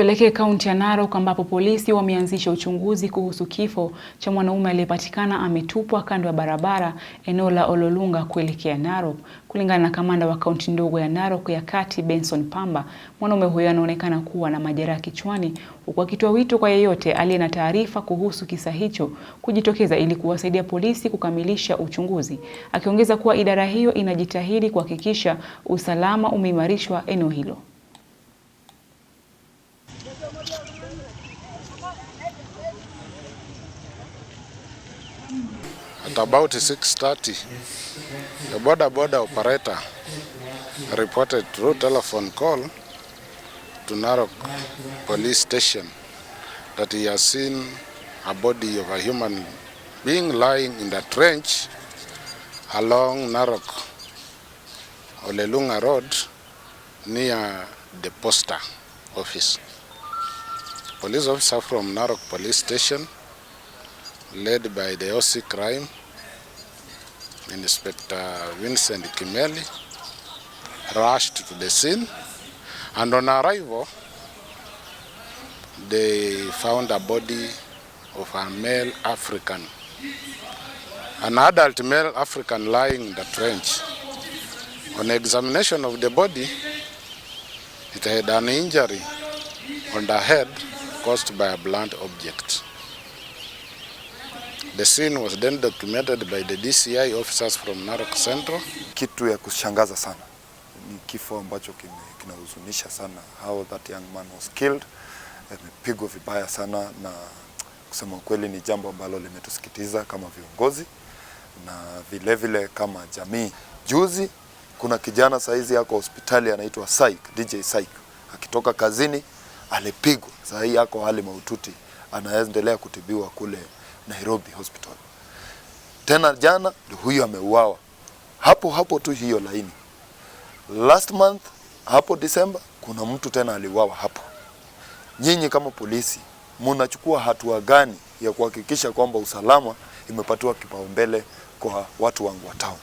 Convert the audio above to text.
Tuelekee kaunti ya Narok ambapo polisi wameanzisha uchunguzi kuhusu kifo cha mwanaume aliyepatikana ametupwa kando ya barabara eneo la Ololunga kuelekea Narok. Kulingana na kamanda wa kaunti ndogo ya Narok ya Kati, Benson Pamba, mwanaume huyo anaonekana kuwa na majeraha kichwani, huku akitoa wito kwa yeyote aliye na taarifa kuhusu kisa hicho kujitokeza ili kuwasaidia polisi kukamilisha uchunguzi, akiongeza kuwa idara hiyo inajitahidi kuhakikisha usalama umeimarishwa eneo hilo. At about 6.30, the border border operator reported through telephone call to Narok police station that he has seen a body of a human being lying in the trench along Narok Olelunga Road near the poster office. Police officer from Narok police station led by the OC crime Inspector Vincent Kimeli rushed to the scene and on arrival they found a body of a male African, an adult male African lying in the trench. On examination of the body, it had an injury on the head caused by a blunt object. The scene was then documented by the DCI officers from Narok Central. Kitu ya kushangaza sana ni kifo ambacho kinahuzunisha sana. How that young man was killed, amepigwa vibaya sana, na kusema kweli ni jambo ambalo limetusikitiza kama viongozi na vilevile vile kama jamii. Juzi kuna kijana saizi yako hospitali anaitwa Saik, DJ Saik, akitoka kazini alipigwa, sahii yako hali mahututi, anaendelea kutibiwa kule Nairobi Hospital. Tena jana ndio huyo ameuawa hapo hapo tu hiyo laini. Last month hapo December kuna mtu tena aliuawa hapo. Nyinyi kama polisi munachukua hatua gani ya kuhakikisha kwamba usalama imepatiwa kipaumbele kwa watu wangu wa town?